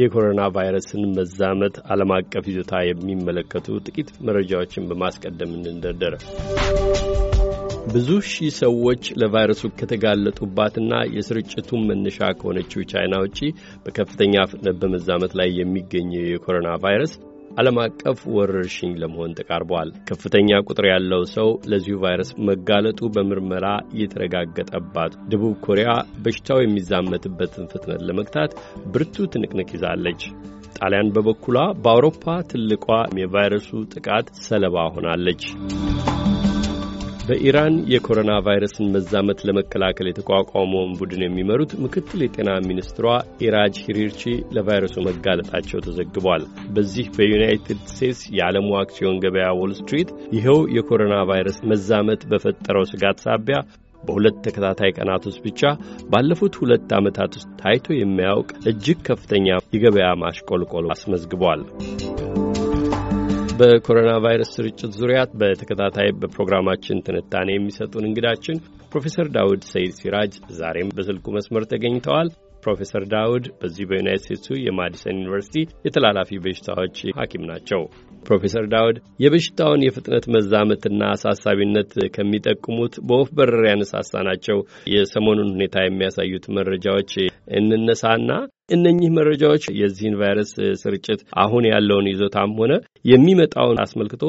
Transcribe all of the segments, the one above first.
የኮሮና ቫይረስን መዛመት ዓለም አቀፍ ይዞታ የሚመለከቱ ጥቂት መረጃዎችን በማስቀደም እንደርደር። ብዙ ሺህ ሰዎች ለቫይረሱ ከተጋለጡባትና የስርጭቱን መነሻ ከሆነችው ቻይና ውጪ በከፍተኛ ፍጥነት በመዛመት ላይ የሚገኘው የኮሮና ቫይረስ ዓለም አቀፍ ወረርሽኝ ለመሆን ተቃርቧል። ከፍተኛ ቁጥር ያለው ሰው ለዚሁ ቫይረስ መጋለጡ በምርመራ የተረጋገጠባት ደቡብ ኮሪያ በሽታው የሚዛመትበትን ፍጥነት ለመግታት ብርቱ ትንቅንቅ ይዛለች። ጣሊያን በበኩሏ በአውሮፓ ትልቋ የቫይረሱ ጥቃት ሰለባ ሆናለች። በኢራን የኮሮና ቫይረስን መዛመት ለመከላከል የተቋቋመውን ቡድን የሚመሩት ምክትል የጤና ሚኒስትሯ ኢራጅ ሂሪርቺ ለቫይረሱ መጋለጣቸው ተዘግቧል። በዚህ በዩናይትድ ስቴትስ የዓለሙ አክሲዮን ገበያ ዎል ስትሪት ይኸው የኮሮና ቫይረስ መዛመት በፈጠረው ስጋት ሳቢያ በሁለት ተከታታይ ቀናት ውስጥ ብቻ ባለፉት ሁለት ዓመታት ውስጥ ታይቶ የማያውቅ እጅግ ከፍተኛ የገበያ ማሽቆልቆል አስመዝግቧል። በኮሮና ቫይረስ ስርጭት ዙሪያ በተከታታይ በፕሮግራማችን ትንታኔ የሚሰጡን እንግዳችን ፕሮፌሰር ዳውድ ሰይድ ሲራጅ ዛሬም በስልኩ መስመር ተገኝተዋል። ፕሮፌሰር ዳውድ በዚህ በዩናይት ስቴትሱ የማዲሰን ዩኒቨርሲቲ የተላላፊ በሽታዎች ሐኪም ናቸው። ፕሮፌሰር ዳውድ የበሽታውን የፍጥነት መዛመትና አሳሳቢነት ከሚጠቁሙት በወፍ በረር ያነሳሳ ናቸው የሰሞኑን ሁኔታ የሚያሳዩት መረጃዎች እንነሳና እነኚህ መረጃዎች የዚህን ቫይረስ ስርጭት አሁን ያለውን ይዞታም ሆነ የሚመጣውን አስመልክቶ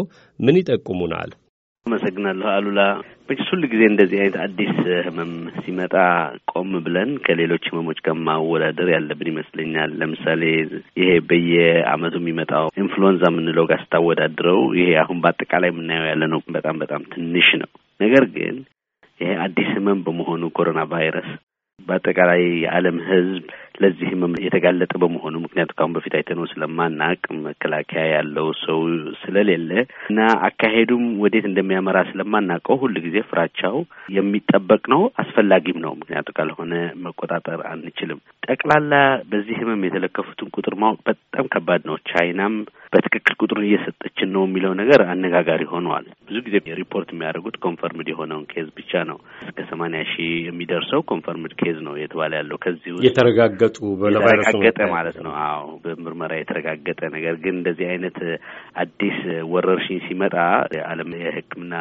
ምን ይጠቁሙናል? አመሰግናለሁ አሉላ። መቼስ ሁል ጊዜ እንደዚህ አይነት አዲስ ህመም ሲመጣ ቆም ብለን ከሌሎች ህመሞች ጋር ማወዳደር ያለብን ይመስለኛል። ለምሳሌ ይሄ በየአመቱ የሚመጣው ኢንፍሉዌንዛ የምንለው ጋር ስታወዳድረው ይሄ አሁን በአጠቃላይ የምናየው ያለ ነው በጣም በጣም ትንሽ ነው። ነገር ግን ይሄ አዲስ ህመም በመሆኑ ኮሮና ቫይረስ በአጠቃላይ የዓለም ህዝብ ለዚህ ህመም የተጋለጠ በመሆኑ ምክንያቱ ካሁን በፊት አይተነው ስለማናቅ መከላከያ ያለው ሰው ስለሌለ እና አካሄዱም ወዴት እንደሚያመራ ስለማናውቀው ሁል ጊዜ ፍራቻው የሚጠበቅ ነው፣ አስፈላጊም ነው። ምክንያቱ ካልሆነ መቆጣጠር አንችልም። ጠቅላላ በዚህ ህመም የተለከፉትን ቁጥር ማወቅ በጣም ከባድ ነው። ቻይናም በትክክል ቁጥሩን እየሰጠችን ነው የሚለው ነገር አነጋጋሪ ሆኗል። ብዙ ጊዜ ሪፖርት የሚያደርጉት ኮንፈርምድ የሆነውን ኬዝ ብቻ ነው። እስከ ሰማንያ ሺህ የሚደርሰው ኮንፈርምድ ኬዝ ነው የተባለ ያለው ከዚህ ውስጥ የተረጋጋ የተረጋገጡ የተረጋገጠ ማለት ነው። አዎ በምርመራ የተረጋገጠ ነገር ግን እንደዚህ አይነት አዲስ ወረርሽኝ ሲመጣ የዓለም የሕክምና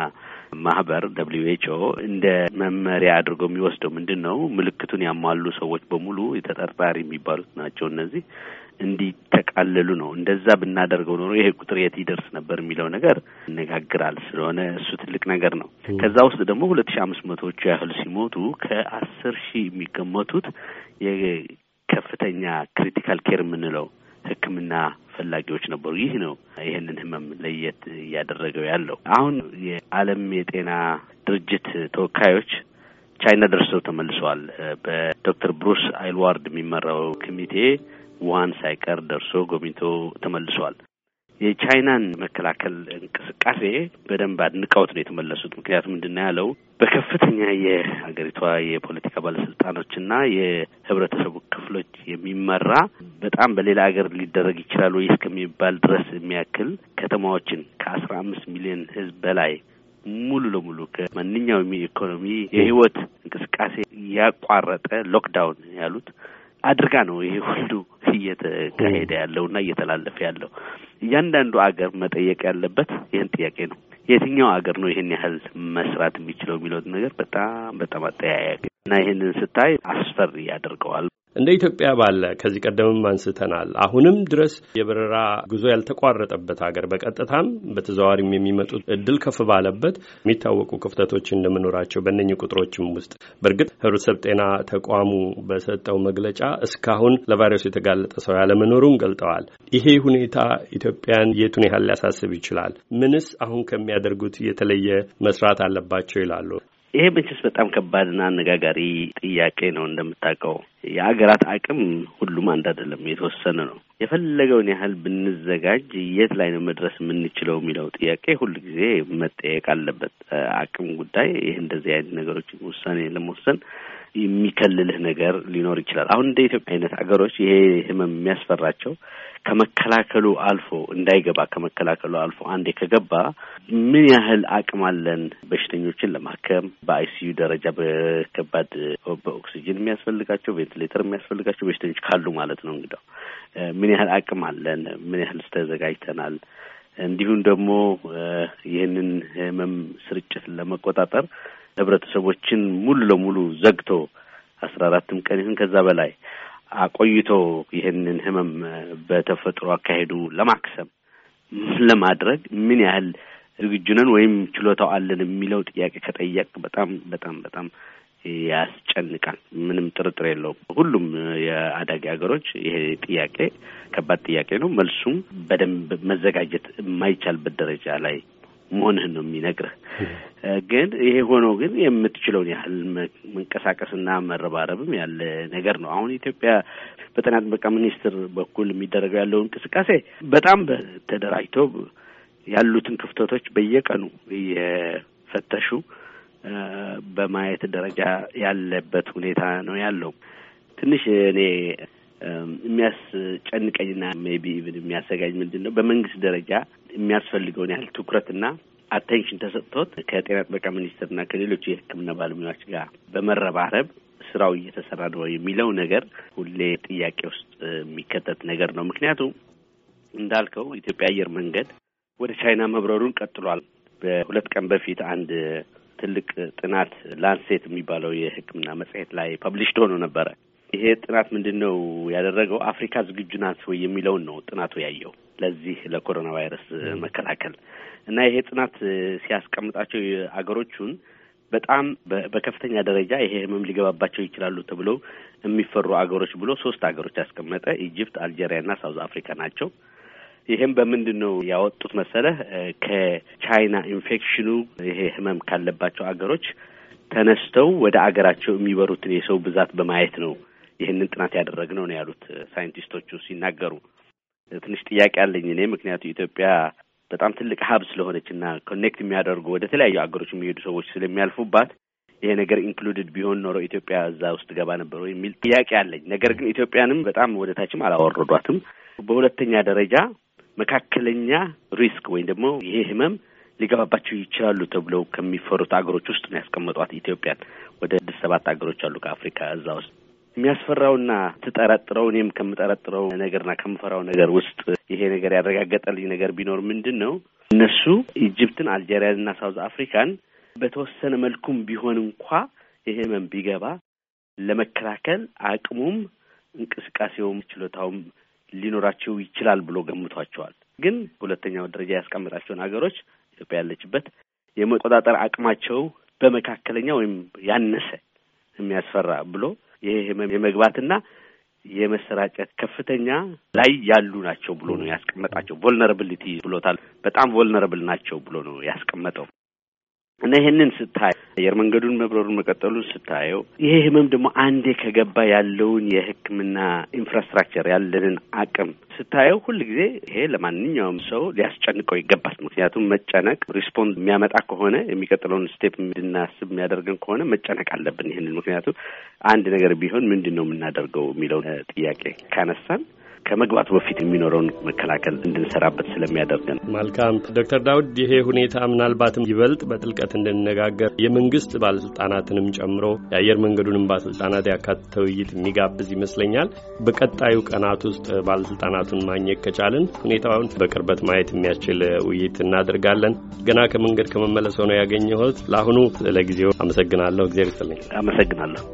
ማህበር ደብሊዩ ኤች ኦ እንደ መመሪያ አድርገው የሚወስደው ምንድን ነው? ምልክቱን ያሟሉ ሰዎች በሙሉ ተጠርጣሪ የሚባሉት ናቸው እነዚህ እንዲተቃለሉ ነው። እንደዛ ብናደርገው ኖሮ ይሄ ቁጥር የት ይደርስ ነበር የሚለው ነገር ይነጋግራል። ስለሆነ እሱ ትልቅ ነገር ነው። ከዛ ውስጥ ደግሞ ሁለት ሺ አምስት መቶዎቹ ያህል ሲሞቱ ከአስር ሺህ የሚገመቱት ከፍተኛ ክሪቲካል ኬር የምንለው ሕክምና ፈላጊዎች ነበሩ። ይህ ነው ይህንን ህመም ለየት እያደረገው ያለው። አሁን የዓለም የጤና ድርጅት ተወካዮች ቻይና ደርሰው ተመልሰዋል። በዶክተር ብሩስ አይልዋርድ የሚመራው ኮሚቴ ዋን ሳይቀር ደርሶ ጎብኝቶ ተመልሷል። የቻይናን መከላከል እንቅስቃሴ በደንብ አድንቀውት ነው የተመለሱት። ምክንያቱም ምንድን ነው ያለው በከፍተኛ የሀገሪቷ የፖለቲካ ባለስልጣኖችና የህብረተሰቡ ክፍሎች የሚመራ በጣም በሌላ ሀገር ሊደረግ ይችላል ወይ እስከሚባል ድረስ የሚያክል ከተማዎችን ከአስራ አምስት ሚሊዮን ህዝብ በላይ ሙሉ ለሙሉ ከማንኛውም የኢኮኖሚ የህይወት እንቅስቃሴ ያቋረጠ ሎክዳውን ያሉት አድርጋ ነው ይሄ ሁሉ እየተካሄደ ያለው እና እየተላለፈ ያለው። እያንዳንዱ አገር መጠየቅ ያለበት ይህን ጥያቄ ነው። የትኛው አገር ነው ይህን ያህል መስራት የሚችለው የሚለው ነገር በጣም በጣም አጠያያቂ እና ይህንን ስታይ አስፈሪ ያደርገዋል። እንደ ኢትዮጵያ ባለ ከዚህ ቀደምም አንስተናል አሁንም ድረስ የበረራ ጉዞ ያልተቋረጠበት ሀገር በቀጥታም በተዘዋዋሪም የሚመጡት እድል ከፍ ባለበት የሚታወቁ ክፍተቶች እንደመኖራቸው በእነኚህ ቁጥሮችም ውስጥ በእርግጥ ህብረተሰብ ጤና ተቋሙ በሰጠው መግለጫ እስካሁን ለቫይረሱ የተጋለጠ ሰው ያለመኖሩን ገልጠዋል። ይሄ ሁኔታ ኢትዮጵያን የቱን ያህል ሊያሳስብ ይችላል? ምንስ አሁን ከሚያደርጉት የተለየ መስራት አለባቸው ይላሉ? ይሄ መቼስ በጣም ከባድና አነጋጋሪ ጥያቄ ነው። እንደምታውቀው የአገራት አቅም ሁሉም አንድ አይደለም፣ የተወሰነ ነው። የፈለገውን ያህል ብንዘጋጅ የት ላይ ነው መድረስ የምንችለው የሚለው ጥያቄ ሁል ጊዜ መጠየቅ አለበት። አቅም ጉዳይ ይህ እንደዚህ አይነት ነገሮችን ውሳኔ ለመወሰን የሚከልልህ ነገር ሊኖር ይችላል። አሁን እንደ ኢትዮጵያ አይነት አገሮች ይሄ ህመም የሚያስፈራቸው ከመከላከሉ አልፎ እንዳይገባ ከመከላከሉ አልፎ አንዴ ከገባ ምን ያህል አቅም አለን በሽተኞችን ለማከም በአይሲዩ ደረጃ በከባድ በኦክሲጅን የሚያስፈልጋቸው ቬንትሌተር የሚያስፈልጋቸው በሽተኞች ካሉ ማለት ነው። እንግዲያው ምን ያህል አቅም አለን? ምን ያህል ተዘጋጅተናል? እንዲሁም ደግሞ ይህንን ህመም ስርጭት ለመቆጣጠር ህብረተሰቦችን ሙሉ ለሙሉ ዘግቶ አስራ አራትም ቀን ይሁን ከዛ በላይ አቆይቶ ይህንን ህመም በተፈጥሮ አካሄዱ ለማክሰም ለማድረግ ምን ያህል ዝግጁ ነን ወይም ችሎታው አለን የሚለው ጥያቄ ከጠየቅ በጣም በጣም በጣም ያስጨንቃል። ምንም ጥርጥር የለውም። ሁሉም የአዳጊ ሀገሮች ይሄ ጥያቄ ከባድ ጥያቄ ነው። መልሱም በደንብ መዘጋጀት የማይቻልበት ደረጃ ላይ መሆንህን ነው የሚነግርህ። ግን ይሄ ሆኖ ግን የምትችለውን ያህል መንቀሳቀስና መረባረብም ያለ ነገር ነው። አሁን ኢትዮጵያ በጤና ጥበቃ ሚኒስቴር በኩል የሚደረገው ያለው እንቅስቃሴ በጣም ተደራጅቶ ያሉትን ክፍተቶች በየቀኑ እየፈተሹ በማየት ደረጃ ያለበት ሁኔታ ነው ያለው። ትንሽ እኔ የሚያስጨንቀኝና ሜይ ቢ ኢቭን የሚያሰጋኝ ምንድን ነው በመንግስት ደረጃ የሚያስፈልገውን ያህል ትኩረትና አቴንሽን ተሰጥቶት ከጤና ጥበቃ ሚኒስቴርና ከሌሎች የሕክምና ባለሙያዎች ጋር በመረባረብ ስራው እየተሰራ ነው የሚለው ነገር ሁሌ ጥያቄ ውስጥ የሚከተት ነገር ነው። ምክንያቱም እንዳልከው ኢትዮጵያ አየር መንገድ ወደ ቻይና መብረሩን ቀጥሏል። በሁለት ቀን በፊት አንድ ትልቅ ጥናት ላንሴት የሚባለው የሕክምና መጽሔት ላይ ፐብሊሽድ ሆኖ ነበረ። ይሄ ጥናት ምንድን ነው ያደረገው? አፍሪካ ዝግጁ ናት ወይ የሚለውን ነው ጥናቱ ያየው ለዚህ ለኮሮና ቫይረስ መከላከል እና ይሄ ጥናት ሲያስቀምጣቸው አገሮቹን በጣም በከፍተኛ ደረጃ ይሄ ህመም ሊገባባቸው ይችላሉ ተብለው የሚፈሩ አገሮች ብሎ ሶስት አገሮች ያስቀመጠ ኢጅፕት፣ አልጄሪያ እና ሳውዝ አፍሪካ ናቸው። ይህም በምንድን ነው ያወጡት መሰለህ? ከቻይና ኢንፌክሽኑ ይሄ ህመም ካለባቸው አገሮች ተነስተው ወደ አገራቸው የሚበሩትን የሰው ብዛት በማየት ነው ይህንን ጥናት ያደረግነው ነው ያሉት ሳይንቲስቶቹ ሲናገሩ። ትንሽ ጥያቄ አለኝ እኔ ምክንያቱ ኢትዮጵያ በጣም ትልቅ ሀብ ስለሆነች እና ኮኔክት የሚያደርጉ ወደ ተለያዩ ሀገሮች የሚሄዱ ሰዎች ስለሚያልፉባት ይሄ ነገር ኢንክሉድድ ቢሆን ኖሮ ኢትዮጵያ እዛ ውስጥ ገባ ነበር የሚል ጥያቄ አለኝ። ነገር ግን ኢትዮጵያንም በጣም ወደ ታችም አላወረዷትም። በሁለተኛ ደረጃ መካከለኛ ሪስክ ወይም ደግሞ ይሄ ህመም ሊገባባቸው ይችላሉ ተብለው ከሚፈሩት አገሮች ውስጥ ነው ያስቀመጧት ኢትዮጵያን። ወደ ስድስት ሰባት አገሮች አሉ ከአፍሪካ እዛ ውስጥ የሚያስፈራውና ትጠረጥረው እኔም ከምጠረጥረው ነገርና ከምፈራው ነገር ውስጥ ይሄ ነገር ያረጋገጠልኝ ነገር ቢኖር ምንድን ነው እነሱ ኢጅፕትን፣ እና ሳውዝ አፍሪካን በተወሰነ መልኩም ቢሆን እንኳ ይሄ ህመም ቢገባ ለመከላከል አቅሙም እንቅስቃሴውም ችሎታውም ሊኖራቸው ይችላል ብሎ ገምቷቸዋል። ግን ሁለተኛው ደረጃ ያስቀምጣቸውን ሀገሮች ኢትዮጵያ ያለችበት የመቆጣጠር አቅማቸው በመካከለኛ ወይም ያነሰ የሚያስፈራ ብሎ ይሄ ህመም የመግባትና የመሰራጨት ከፍተኛ ላይ ያሉ ናቸው ብሎ ነው ያስቀመጣቸው። ቮልነራብሊቲ ብሎታል። በጣም ቮልነራብል ናቸው ብሎ ነው ያስቀመጠው እና ይህንን ስታ አየር መንገዱን መብረሩን መቀጠሉን ስታየው ይሄ ህመም ደግሞ አንዴ ከገባ ያለውን የህክምና ኢንፍራስትራክቸር ያለንን አቅም ስታየው ሁል ጊዜ ይሄ ለማንኛውም ሰው ሊያስጨንቀው ይገባል። ምክንያቱም መጨነቅ ሪስፖንድ የሚያመጣ ከሆነ የሚቀጥለውን ስቴፕ እንድናስብ የሚያደርገን ከሆነ መጨነቅ አለብን። ይህንን ምክንያቱም አንድ ነገር ቢሆን ምንድን ነው የምናደርገው የሚለውን ጥያቄ ካነሳን ከመግባቱ በፊት የሚኖረውን መከላከል እንድንሰራበት ስለሚያደርገን። መልካም ዶክተር ዳውድ ይሄ ሁኔታ ምናልባትም ይበልጥ በጥልቀት እንድንነጋገር የመንግስት ባለስልጣናትንም ጨምሮ የአየር መንገዱንም ባለስልጣናት ያካተተ ውይይት የሚጋብዝ ይመስለኛል። በቀጣዩ ቀናት ውስጥ ባለስልጣናቱን ማግኘት ከቻልን ሁኔታውን በቅርበት ማየት የሚያስችል ውይይት እናደርጋለን። ገና ከመንገድ ከመመለስ ሆነው ያገኘሁት ለአሁኑ ለጊዜው አመሰግናለሁ። እግዚአብሔር ይስጥልኝ። አመሰግናለሁ።